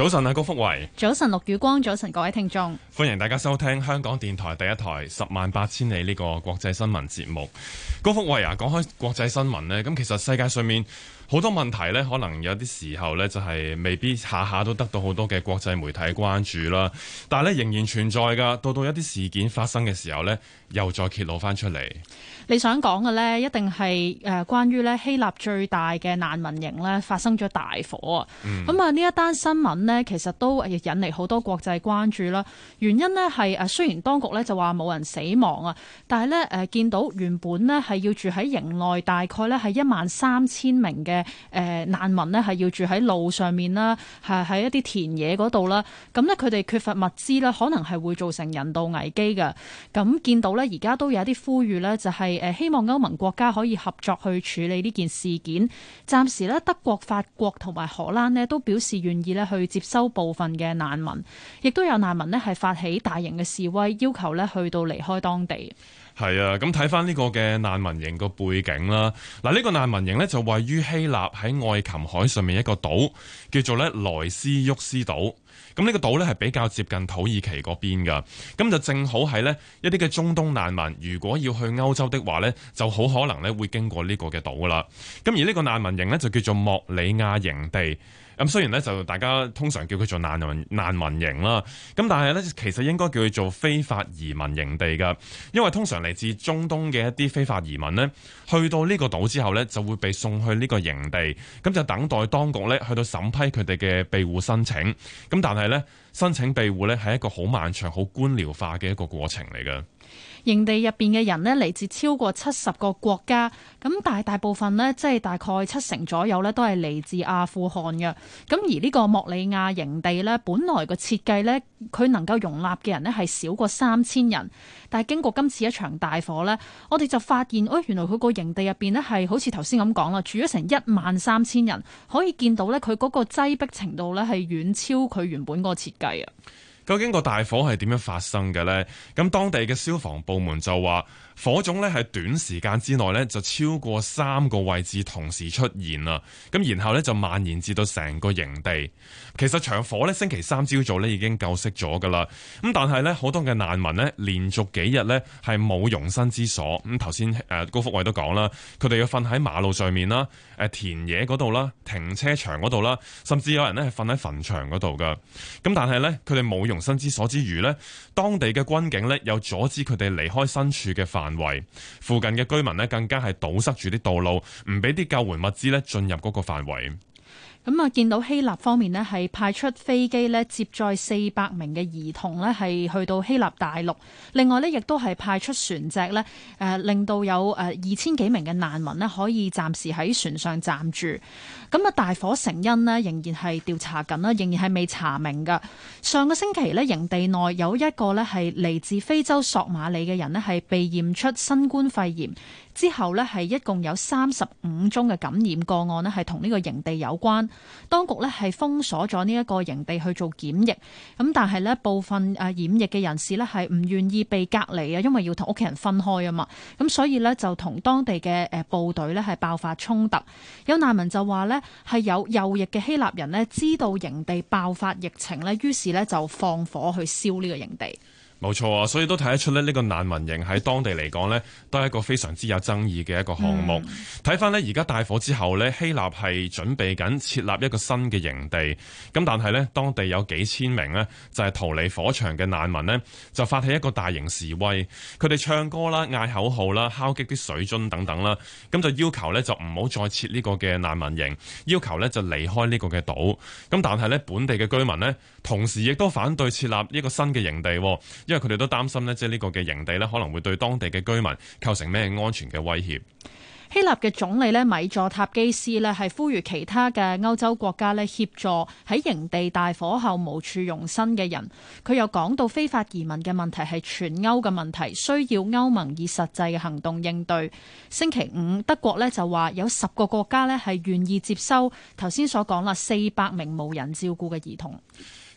早晨啊，高福維，早晨陸宇光，早晨各位聽眾，歡迎大家收聽香港電台第一台十萬八千里呢個國際新聞節目。高福維啊，講開國際新聞呢，咁其實世界上面好多問題呢，可能有啲時候呢，就係未必下下都得到好多嘅國際媒體關注啦，但係呢，仍然存在噶。到到一啲事件發生嘅時候呢，又再揭露翻出嚟。你想講嘅呢，一定係誒關於咧希臘最大嘅難民營咧發生咗大火啊！咁啊呢一單新聞呢，其實都引嚟好多國際關注啦。原因呢係誒雖然當局咧就話冇人死亡啊，但係咧誒見到原本呢係要住喺營內，大概咧係一萬三千名嘅誒難民呢，係要住喺路上面啦，係喺一啲田野嗰度啦。咁呢，佢哋缺乏物資啦，可能係會造成人道危機嘅。咁見到呢，而家都有一啲呼籲呢，就係，誒，希望歐盟國家可以合作去處理呢件事件。暫時咧，德國、法國同埋荷蘭咧都表示願意咧去接收部分嘅難民，亦都有難民咧係發起大型嘅示威，要求咧去到離開當地。係啊，咁睇翻呢個嘅難民營個背景啦。嗱，呢個難民營呢就位於希臘喺愛琴海上面一個島，叫做萊斯沃斯島。咁、這、呢個島呢係比較接近土耳其嗰邊㗎，咁就正好係呢一啲嘅中東難民，如果要去歐洲的話呢，就好可能呢會經過呢個嘅島啦。咁而呢個難民營呢，就叫做莫里亞營地。咁雖然咧就大家通常叫佢做難民難民營啦，咁但係咧其實應該叫佢做非法移民營地㗎，因為通常嚟自中東嘅一啲非法移民咧，去到呢個島之後咧就會被送去呢個營地，咁就等待當局咧去到審批佢哋嘅庇護申請，咁但係咧申請庇護咧係一個好漫長、好官僚化嘅一個過程嚟㗎。營地入邊嘅人咧，嚟自超過七十個國家，咁但大部分咧，即係大概七成左右咧，都係嚟自阿富汗嘅。咁而呢個莫里亞營地呢，本來個設計呢，佢能夠容納嘅人咧，係少過三千人。但係經過今次一場大火呢，我哋就發現，誒原來佢個營地入邊咧，係好似頭先咁講啦，住咗成一萬三千人，可以見到呢，佢嗰個擠迫程度呢，係遠超佢原本嗰個設計啊。究竟個大火係點樣發生嘅呢？噉當地嘅消防部門就話。火種咧喺短時間之內咧就超過三個位置同時出現啦，咁然後咧就蔓延至到成個營地。其實場火咧星期三朝早咧已經救熄咗噶啦，咁但係咧好多嘅難民咧連續幾日咧係冇容身之所。咁頭先誒高福偉都講啦，佢哋要瞓喺馬路上面啦、誒田野嗰度啦、停車場嗰度啦，甚至有人咧係瞓喺墳場嗰度噶。咁但係咧佢哋冇容身之所之餘呢當地嘅軍警咧又阻止佢哋離開身處嘅範圍附近嘅居民呢更加係堵塞住啲道路，唔俾啲救援物資咧進入嗰個範圍。咁啊，見到希臘方面呢，係派出飛機咧，接載四百名嘅兒童呢，係去到希臘大陸。另外呢，亦都係派出船隻呢，誒令到有誒二千幾名嘅難民呢，可以暫時喺船上暫住。咁啊，大火成因呢，仍然係調查緊啦，仍然係未查明㗎。上個星期呢，營地內有一個呢係嚟自非洲索馬里嘅人呢，係被驗出新冠肺炎。之後呢，係一共有三十五宗嘅感染個案呢，係同呢個營地有關。當局呢，係封鎖咗呢一個營地去做檢疫，咁但係呢部分誒染疫嘅人士呢，係唔願意被隔離啊，因為要同屋企人分開啊嘛。咁所以呢，就同當地嘅部隊呢係爆發衝突。有難民就話呢係有右翼嘅希臘人呢知道營地爆發疫情呢，於是呢就放火去燒呢個營地。冇錯啊，所以都睇得出咧，呢個難民營喺當地嚟講呢，都係一個非常之有爭議嘅一個項目。睇翻呢，而家大火之後呢，希臘係準備緊設立一個新嘅營地。咁但係呢，當地有幾千名呢，就係逃離火場嘅難民呢，就發起一個大型示威。佢哋唱歌啦、嗌口號啦、敲擊啲水樽等等啦。咁就要求呢，就唔好再設呢個嘅難民營，要求呢，就離開呢個嘅島。咁但係呢，本地嘅居民呢，同時亦都反對設立一個新嘅營地。因為佢哋都擔心咧，即係呢個嘅營地咧，可能會對當地嘅居民構成咩安全嘅威脅。希臘嘅總理咧，米佐塔基斯咧，係呼籲其他嘅歐洲國家咧，協助喺營地大火後無處容身嘅人。佢又講到非法移民嘅問題係全歐嘅問題，需要歐盟以實際嘅行動應對。星期五，德國咧就話有十個國家咧係願意接收頭先所講啦四百名無人照顧嘅兒童。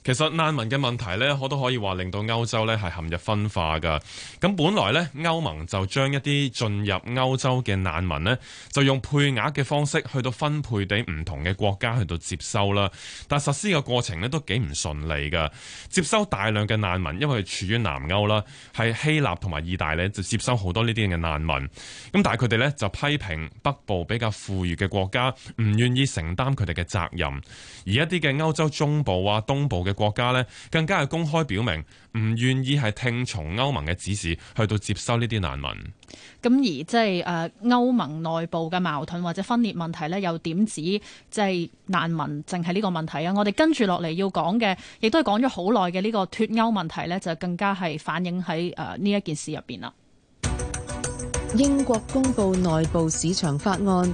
其實難民嘅問題咧，我都可以話令到歐洲咧係陷入分化噶。咁本來咧，歐盟就將一啲進入歐洲嘅難民呢，就用配額嘅方式去到分配俾唔同嘅國家去到接收啦。但實施嘅過程呢，都幾唔順利噶。接收大量嘅難民，因為處於南歐啦，係希臘同埋意大利就接收好多呢啲嘅難民。咁但係佢哋咧就批評北部比較富裕嘅國家唔願意承擔佢哋嘅責任，而一啲嘅歐洲中部啊、東部嘅國家咧更加係公開表明唔願意係聽從歐盟嘅指示，去到接收呢啲難民。咁而即係誒，歐盟內部嘅矛盾或者分裂問題呢，又點止即係難民淨係呢個問題啊？我哋跟住落嚟要講嘅，亦都係講咗好耐嘅呢個脫歐問題呢，就更加係反映喺誒呢一件事入邊啦。英國公布內部市場法案。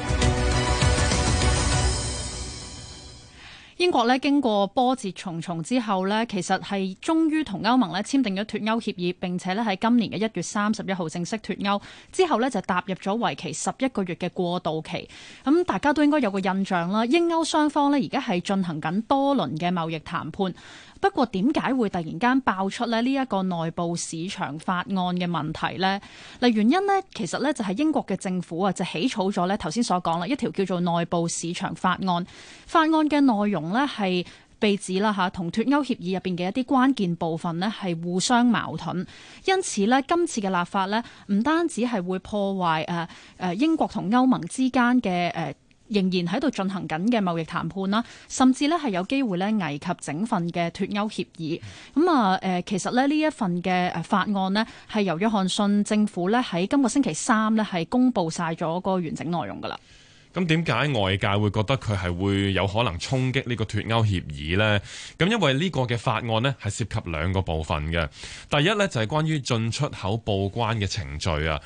英國呢經過波折重重之後呢，其實係終於同歐盟呢簽訂咗脱歐協議，並且呢喺今年嘅一月三十一號正式脱歐之後呢，就踏入咗為期十一個月嘅過渡期。咁大家都應該有個印象啦，英歐雙方呢而家係進行緊多輪嘅貿易談判。不過點解會突然間爆出呢呢一個內部市場法案嘅問題呢？嗱，原因呢，其實呢，就係英國嘅政府啊就起草咗呢頭先所講啦一條叫做內部市場法案，法案嘅內容。咧係被指啦，吓，同脱歐協議入邊嘅一啲關鍵部分咧係互相矛盾，因此咧今次嘅立法咧唔單止係會破壞誒誒英國同歐盟之間嘅誒仍然喺度進行緊嘅貿易談判啦，甚至咧係有機會咧危及整份嘅脱歐協議。咁啊誒，其實咧呢一份嘅誒法案咧係由約翰遜政府咧喺今個星期三咧係公布晒咗個完整內容噶啦。咁點解外界會覺得佢係會有可能衝擊呢個脫歐協議呢？咁因為呢個嘅法案呢係涉及兩個部分嘅。第一呢，就係關於進出口報關嘅程序啊。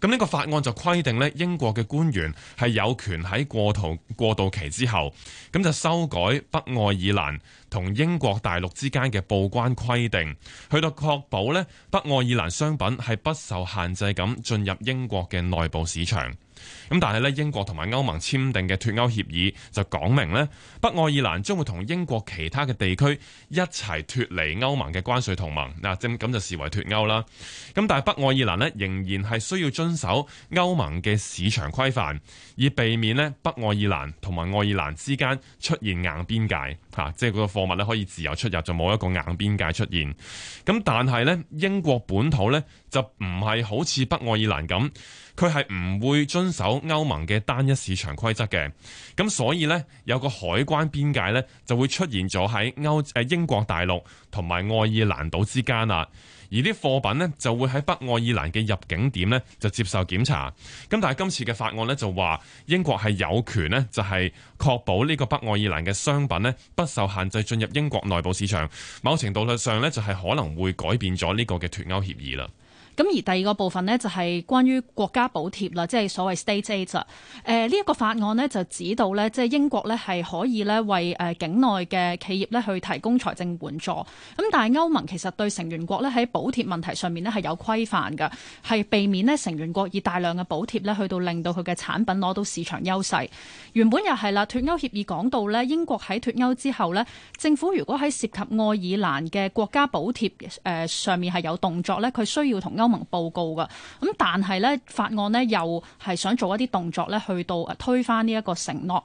咁呢個法案就規定呢英國嘅官員係有權喺過渡過渡期之後，咁就修改北愛爾蘭同英國大陸之間嘅報關規定，去到確保呢北愛爾蘭商品係不受限制咁進入英國嘅內部市場。咁但係咧，英國同埋歐盟簽訂嘅脱歐協議就講明呢，北愛爾蘭將會同英國其他嘅地區一齊脱離歐盟嘅關稅同盟，嗱，正咁就視為脱歐啦。咁但係北愛爾蘭咧仍然係需要遵守歐盟嘅市場規範，以避免呢北愛爾蘭同埋愛爾蘭之間出現硬邊界，吓，即係嗰個貨物咧可以自由出入，就冇一個硬邊界出現。咁但係呢英國本土呢，就唔係好似北愛爾蘭咁。佢係唔會遵守歐盟嘅單一市場規則嘅，咁所以呢，有個海關邊界呢就會出現咗喺歐誒英國大陸同埋愛爾蘭島之間啦，而啲貨品呢就會喺北愛爾蘭嘅入境點呢就接受檢查，咁但係今次嘅法案呢就話英國係有權呢就係、是、確保呢個北愛爾蘭嘅商品呢不受限制進入英國內部市場，某程度上呢，就係、是、可能會改變咗呢個嘅脱歐協議啦。咁而第二個部分呢，就係關於國家補貼啦，即係所謂 state aid。誒呢一個法案呢，就指到呢，即係英國呢，係可以呢，為境內嘅企業呢，去提供財政援助。咁但係歐盟其實對成員國呢，喺補貼問題上面呢，係有規範嘅，係避免呢成員國以大量嘅補貼呢，去到令到佢嘅產品攞到市場優勢。原本又係啦，脱歐協議講到呢，英國喺脱歐之後呢，政府如果喺涉及愛爾蘭嘅國家補貼、呃、上面係有動作呢，佢需要同歐盟報告噶，咁但係咧法案呢又係想做一啲動作咧，去到推翻呢一個承諾。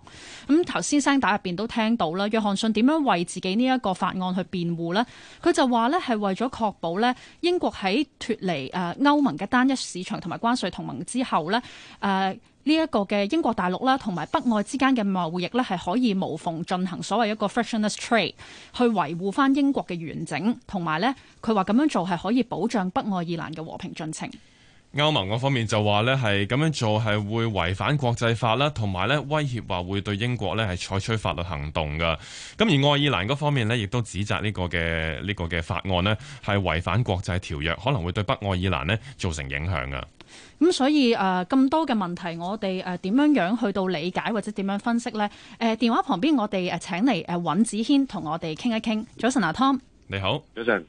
咁頭先聲打入邊都聽到啦，約翰遜點樣為自己呢一個法案去辯護呢？佢就話咧，係為咗確保咧英國喺脱離誒歐盟嘅單一市場同埋關稅同盟之後咧誒。呃呢一個嘅英國大陸啦，同埋北愛之間嘅貿易咧，係可以無縫進行所謂一個 frictionless trade，去維護翻英國嘅完整，同埋咧，佢話咁樣做係可以保障北愛爾蘭嘅和平進程。歐盟嗰方面就話咧，係咁樣做係會違反國際法啦，同埋咧威脅話會對英國咧係採取法律行動嘅。咁而愛爾蘭嗰方面呢，亦都指責呢、呢個嘅呢、呢個嘅法案呢，係違反國際條約，可能會對北愛爾蘭呢造成影響嘅。咁、嗯、所以誒，咁、呃、多嘅問題，我哋誒點樣樣去到理解或者點樣分析呢？誒、呃，電話旁邊我哋誒請嚟誒、呃、尹子軒同我哋傾一傾。早晨啊，Tom，你好，早晨。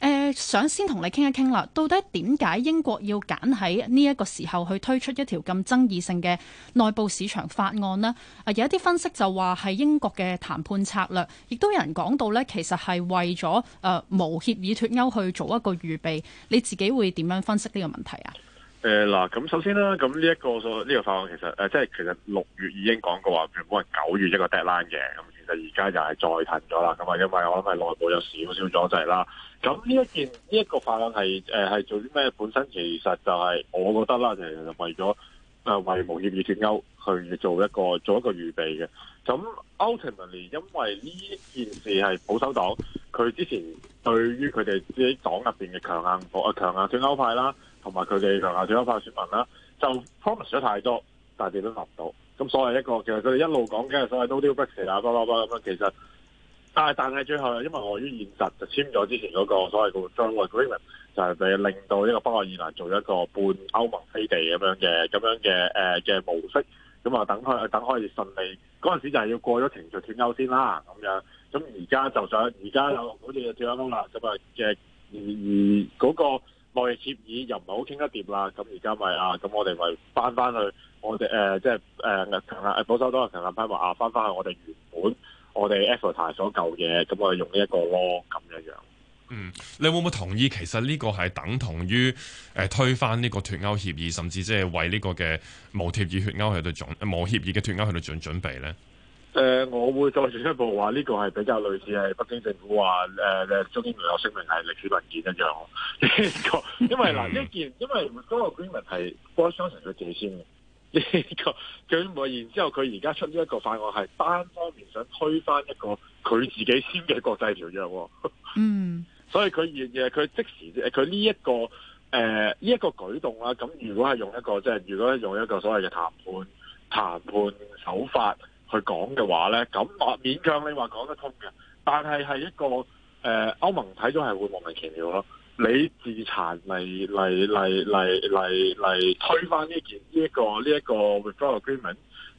誒，想先同你傾一傾啦，到底點解英國要揀喺呢一個時候去推出一條咁爭議性嘅內部市場法案呢？啊、呃，有一啲分析就話係英國嘅談判策略，亦都有人講到呢，其實係為咗誒、呃、無協議脫歐去做一個預備。你自己會點樣分析呢個問題啊？誒、呃，嗱，咁首先啦，咁呢一個呢、這個法案其實誒、呃，即係其實六月已經講過話，原本係九月一個 deadline 嘅，咁、嗯、其實而家就係再停咗啦，咁啊，因為我諗係內部有少少阻滯啦。咁呢一件呢一、這個法案係誒係做啲咩？本身其實就係我覺得啦，其實就為咗誒、呃、為無協議脫歐去做一個做一個預備嘅。咁 ultimately 因為呢件事係保守黨，佢之前對於佢哋自己黨入邊嘅強硬，我誒強硬脫歐派啦。同埋佢哋強硬脫歐派選民啦，就 promise 咗太多，但係點都諗唔到。咁所謂一個其實佢哋一路講嘅所謂 no deal Brexit 啊，多啦多咁樣，其實，no、其實但係但係最後因為礙於現實，就簽咗之前嗰個所謂個 Joint Agreement，就係、俾、令到呢個北愛爾蘭做一個半歐盟飛地咁樣嘅咁樣嘅嘅、呃、模式。咁啊，等佢等可以順利嗰陣時就係要過咗程序脫歐先啦咁樣。咁而家就想而家有好似要脫歐啦，咁啊嘅而而嗰個。那個貿易協議又唔係好傾得掂啦，咁而家咪啊，咁我哋咪翻翻去我哋誒，即係誒，強保守黨嘅強硬批話翻翻去我哋原本我哋 efforter 所舊嘅，咁我哋用呢一個咯，咁樣樣。嗯，你會唔會同意？其實呢個係等同於誒、呃、推翻呢個脫歐協議，甚至即係為呢個嘅無協議脫歐喺度準無協議嘅脫歐喺度準準備咧？誒、呃，我會再進一步話呢個係比較類似係北京政府話誒誒中央有聲明係歷史文件一樣。呢 個因為嗱呢件，因為嗰個 government 係 Washington 佢自己簽嘅呢個，佢 然之後佢而家出呢一個法案係單方面想推翻一個佢自己簽嘅國際條約。嗯， 所以佢而誒佢即時佢呢一個誒呢一個舉動啦，咁如果係用一個即係、就是、如果用一個所謂嘅談判談判手法。佢講嘅話呢，咁話勉強你話講得通嘅，但係係一個誒、呃、歐盟睇咗係會莫名其妙囉。你自殘嚟嚟嚟嚟嚟嚟推翻呢件呢、呢個呢個、一個呢一個 referendum，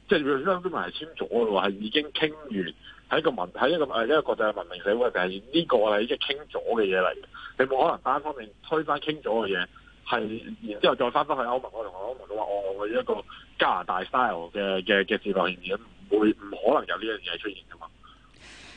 即係 referendum 係簽咗嘅喎，係已經傾完，喺個文喺一個一個國際文明社會，定係呢個係已經傾咗嘅嘢嚟嘅。你冇可能單方面推翻傾咗嘅嘢，係然之後再返返去歐盟，我同我歐盟都話，我會一個加拿大 style 嘅嘅嘅自殺宣言。會唔可能有呢樣嘢出現㗎嘛？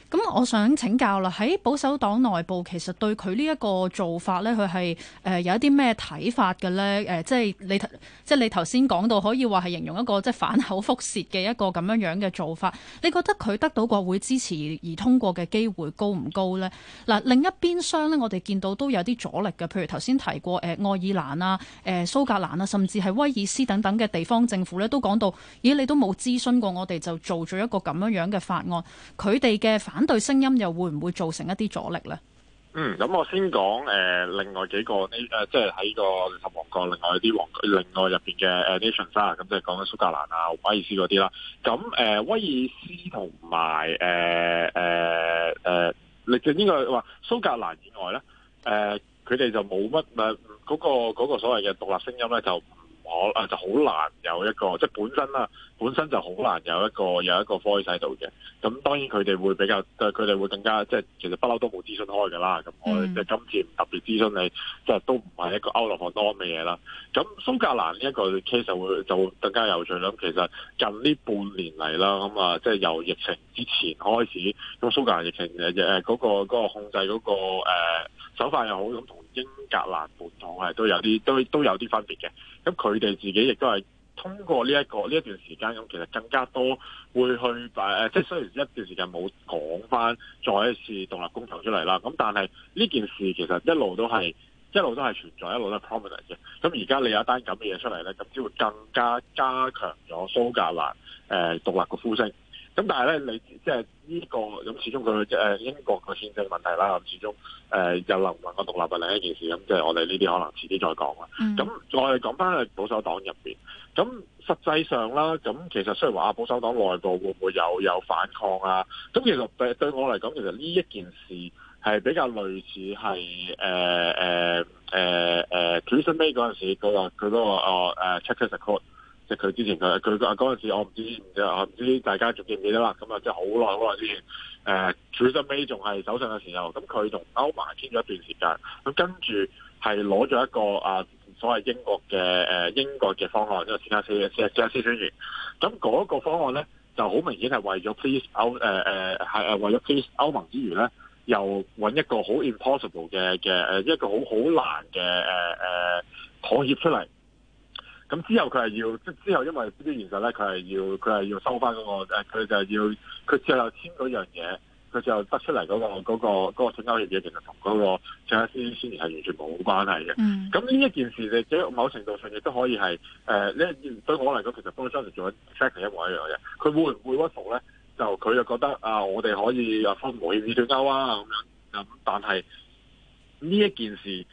咁我想請教啦，喺保守黨內部其實對佢呢一個做法呢，佢係、呃、有一啲咩睇法嘅呢？呃、即係你頭即係你頭先講到可以話係形容一個即反口覆舌嘅一個咁樣樣嘅做法。你覺得佢得到國會支持而通過嘅機會高唔高呢？嗱、呃，另一邊廂呢，我哋見到都有啲阻力嘅，譬如頭先提過誒、呃、愛爾蘭啊、誒、呃、蘇格蘭啊，甚至係威爾斯等等嘅地方政府呢，都講到咦、呃，你都冇諮詢過我哋就做咗一個咁樣樣嘅法案，佢哋嘅反反對聲音又會唔會造成一啲阻力咧？嗯，咁我先講誒、呃，另外幾個呢誒、呃，即係喺個聯合王國另外一啲王國，另外入邊嘅誒啲 nations，咁就講緊蘇格蘭啊、威爾斯嗰啲啦。咁誒、呃，威爾斯同埋誒誒誒，你就應該話蘇格蘭以外咧，誒、呃，佢哋就冇乜誒，嗰、嗰個、嗰個所謂嘅獨立聲音咧，就唔可就好難有一個即係本身啦。本身就好難有一個有一個科醫喺度嘅，咁當然佢哋會比較，佢哋會更加即係其實不嬲都冇諮詢開㗎啦。咁我哋今次特別諮詢你，即都唔係一個歐羅克多嘅嘢啦。咁蘇格蘭呢一個 case 就會就會更加有趣啦。其實近呢半年嚟啦，咁啊即係由疫情之前開始，咁蘇格蘭疫情誒嗰、嗰個嗰、嗰個控制嗰、嗰個、呃、手法又好，咁同英格蘭本土係都有啲都都有啲分別嘅。咁佢哋自己亦都係。通過呢、這、一個呢一段時間咁，其實更加多會去誒，即係雖然一段時間冇講翻，再一次獨立公投出嚟啦。咁但係呢件事其實一路都係一路都係存在，一路都係 prominent 嘅。咁而家你有一單咁嘅嘢出嚟咧，咁只會更加加強咗蘇格蘭誒、呃、獨立嘅呼聲。咁但係咧，你即係呢個咁，始終佢誒英國個憲政問題啦，咁始終誒又能唔能夠獨立嘅另一件事咁，即係我哋呢啲可能遲啲再講啦。咁我哋講翻去保守黨入面，咁實際上啦，咁其實雖然話啊，保守黨內部會唔會有有反抗啊？咁其實對我嚟講，其實呢一件事係比較類似係誒誒誒誒 Theresa May 嗰陣時佢話佢嗰個哦 Checkers Accord 即係佢之前佢佢啊嗰時，我唔知唔知大家仲記唔記得啦？咁啊，即係好耐好耐之前，誒，最收尾仲係手上嘅時候，咁佢同歐盟傾咗一段時間，咁跟住係攞咗一個啊所謂英國嘅誒英國嘅方案，因係 CNC CNC 宣言。咁嗰個方案咧，就好明顯係為咗 please 歐誒誒係誒為咗 please 歐盟之餘咧，又揾一個好 impossible 嘅嘅誒一個好好難嘅誒誒妥協出嚟。咁之後佢係要，即之後因為原則呢啲現實咧，佢係要，佢係要收翻嗰、那個，佢就係要，佢之後簽嗰樣嘢，佢就得出嚟嗰、那個嗰、那個嗰、那個嘅其實同嗰個張一山先係完全冇關係嘅。咁、嗯、呢一件事，亦即係某程度上亦都可以係，誒、呃，呢對我嚟講，其實張一山仲係 second 一模一樣嘅。佢會唔會屈服咧？就佢就覺得啊，我哋可以又分和協議交蝦啊咁樣，咁、啊啊啊啊啊啊啊、但係呢一件事。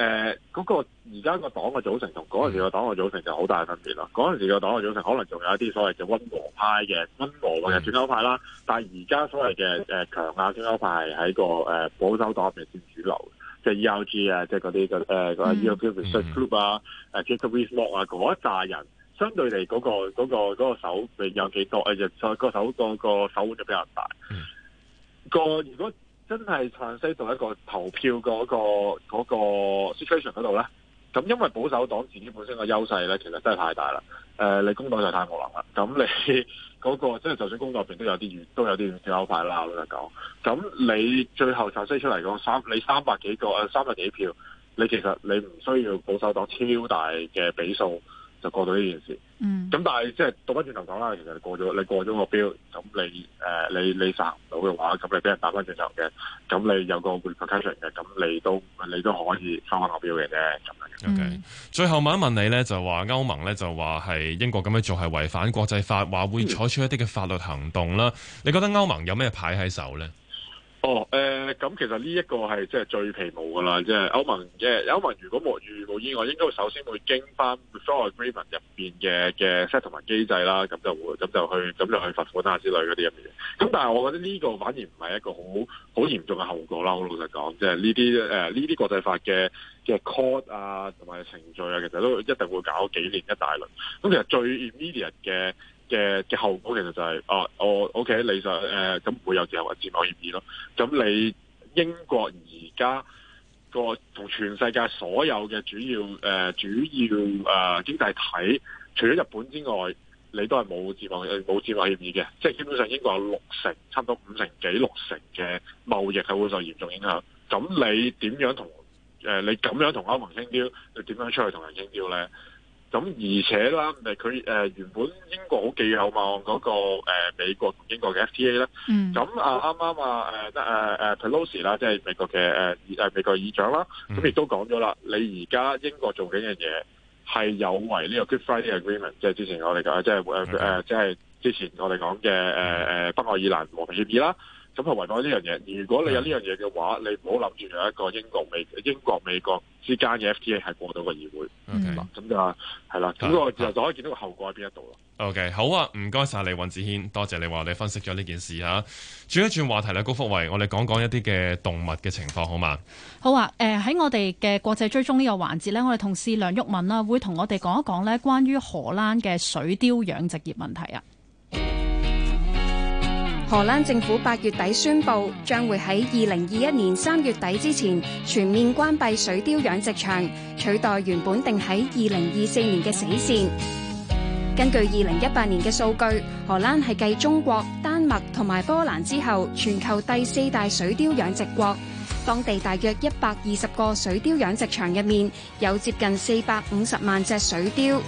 誒、呃、嗰、那個而家個黨嘅組成同嗰陣時個黨嘅組成就好大分別啦，嗰陣時個黨嘅組成可能仲有一啲所謂嘅溫和派嘅、溫和嘅左派啦，mm -hmm. 但係而家所謂嘅強、呃、強硬左派喺個誒、呃、保守黨入面佔主流，即係 E L G 啊，即、就、係、是、嗰啲嘅 E L P 嘅 Subgroup 啊、Jacob Rees-Mogg 啊嗰一揸人，相對嚟嗰個嗰個嗰手有幾多啊？就手、是呃 mm -hmm. 那個、那個那個手腕、呃那個那個、就比較大。Mm -hmm. 那個、如果。真係殘息到一個投票嗰、那個嗰、那個 situation 嗰度呢？咁因為保守黨自己本身個優勢呢，其實真係太大啦。誒、呃，你工黨就太無能啦。咁你嗰、那個即係、就是、就算工黨入邊都有啲怨都有啲怨氣派啦，我都係講。咁你最後殘息出嚟講三，你三百幾個三百幾票，你其實你唔需要保守黨超大嘅比數。就過到呢件事，咁、嗯、但係即係倒翻轉頭講啦，其實過咗你過咗個標，咁你誒、呃、你你殺唔到嘅話，咁你俾人打翻轉頭嘅，咁你有個 reputation 嘅，咁你都你都可以翻翻個標嘅啫，咁樣嘅、嗯 okay。最後問一問你咧，就話歐盟咧就話係英國咁樣做係違反國際法，話會採取一啲嘅法律行動啦、嗯。你覺得歐盟有咩牌喺手咧？哦，誒、呃，咁其實呢一個係即係最皮毛噶啦，即係歐盟嘅。歐盟如果冇預冇意外，應該會首先會經翻 Withdrawal Agreement 入面嘅嘅 settlement 機制啦，咁就會咁就去咁就去罰款啊之類嗰啲咁嘢。咁但係我覺得呢個反而唔係一個好好嚴重嘅後果啦。我老實講，即係呢啲誒呢啲國際法嘅嘅 court 啊同埋程序啊，其實都一定會搞幾年一大輪。咁其實最 immediate 嘅。嘅嘅後果其實就係、是啊，哦，我 OK，你就誒咁會有自由自貿易協議咯。咁你英國而家個同全世界所有嘅主要誒、呃、主要誒經濟體，除咗日本之外，你都係冇貿易冇貿易協議嘅，即係基本上英國有六成，差唔多五成幾六成嘅貿易係會受嚴重影響。咁你點樣同誒、呃、你咁樣同歐盟傾偈，你點樣出去同人傾偈咧？咁而且啦，誒佢誒原本英國好寄口望寄厚望嗰個、呃、美國同英國嘅 FTA 啦。咁、嗯、啊啱啱啊誒誒誒 Pelosi 啦，即係美國嘅誒、啊、美國議長啦，咁亦都講咗啦，你而家英國做緊嘅嘢係有違呢個 Good Friday Agreement，即係之前我哋講，即係、呃、即係之前我哋講嘅誒誒北愛爾蘭和平協議啦。咁係為咗呢樣嘢，如果你有呢樣嘢嘅話，嗯、你唔好諗住有一個英國美英國美國之間嘅 FTA 係過到個議會，咁、嗯、就係啦。咁、啊、個就可以見到個後果喺邊一度啦。OK，好啊，唔該晒你，尹子軒，多謝，謝你話你分析咗呢件事吓。轉一轉話題啦，高福偉，我哋講講一啲嘅動物嘅情況好嘛？好啊，誒、呃，喺我哋嘅國際追蹤呢個環節咧，我哋同事梁鈺雯啊會同我哋講一講咧，關於荷蘭嘅水貂養殖業問題啊。荷蘭政府八月底宣布，將會喺二零二一年三月底之前全面關閉水貂養殖場，取代原本定喺二零二四年嘅死線。根據二零一八年嘅數據，荷蘭係繼中國、丹麥同埋波蘭之後，全球第四大水貂養殖國。當地大約一百二十個水貂養殖場入面，有接近四百五十萬隻水貂。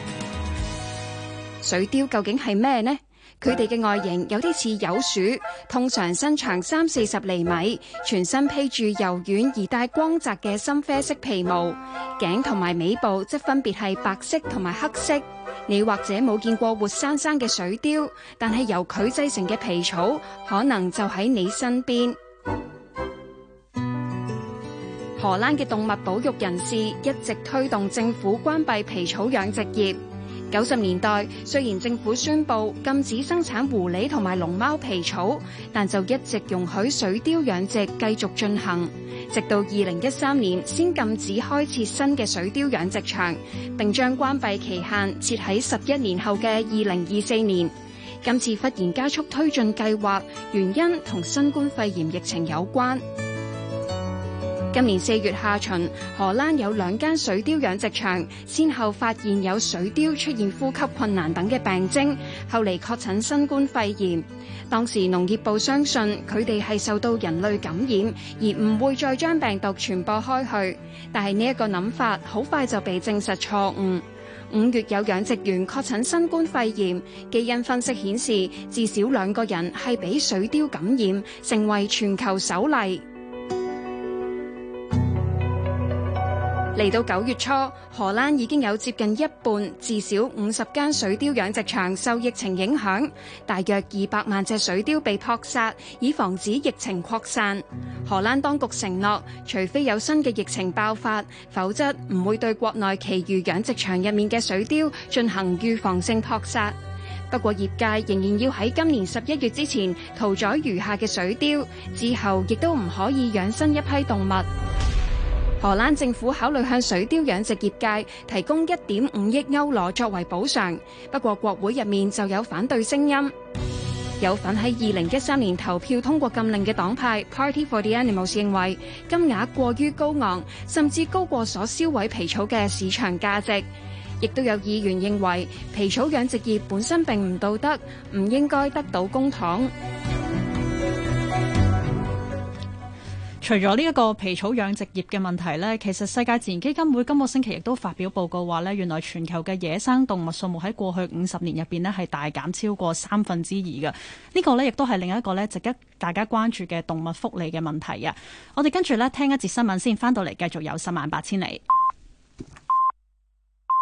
水貂究竟係咩呢？佢哋嘅外形有啲似鼬鼠，通常身長三四十厘米，全身披住柔軟而帶光澤嘅深啡色皮毛，頸同埋尾部則分別係白色同埋黑色。你或者冇見過活生生嘅水貂，但係由佢製成嘅皮草，可能就喺你身邊。荷蘭嘅動物保育人士一直推動政府關閉皮草養殖業。九十年代，雖然政府宣布禁止生產狐狸同埋龍貓皮草，但就一直容許水貂養殖繼續進行，直到二零一三年先禁止開設新嘅水貂養殖場，並將關閉期限設喺十一年後嘅二零二四年。今次忽然加速推進計劃，原因同新冠肺炎疫情有關。今年四月下旬，荷蘭有兩間水貂養殖場，先後發現有水貂出現呼吸困難等嘅病徵，後嚟確診新冠肺炎。當時農業部相信佢哋係受到人類感染，而唔會再將病毒傳播開去。但係呢一個諗法好快就被證實錯誤。五月有養殖員確診新冠肺炎，基因分析顯示至少兩個人係俾水貂感染，成為全球首例。嚟到九月初，荷蘭已經有接近一半，至少五十間水貂養殖場受疫情影響，大約二百萬隻水貂被撲殺，以防止疫情擴散。荷蘭當局承諾，除非有新嘅疫情爆發，否則唔會對國內其餘養殖場入面嘅水貂進行預防性撲殺。不過業界仍然要喺今年十一月之前屠宰餘下嘅水貂，之後亦都唔可以養生一批動物。荷蘭政府考慮向水貂養殖業界提供一點五億歐羅作為補償，不過國會入面就有反對聲音。有份喺二零一三年投票通過禁令嘅黨派 Party for the Animals 認為金額過於高昂，甚至高過所銷毀皮草嘅市場價值。亦都有議員認為皮草養殖業本身並唔道德，唔應該得到公帑。除咗呢一個皮草養殖業嘅問題呢，其實世界自然基金會今個星期亦都發表報告話呢，原來全球嘅野生動物數目喺過去五十年入邊呢係大減超過三分之二嘅。呢個呢亦都係另一個呢值得大家關注嘅動物福利嘅問題啊！我哋跟住呢聽一節新聞先，翻到嚟繼續有十萬八千里。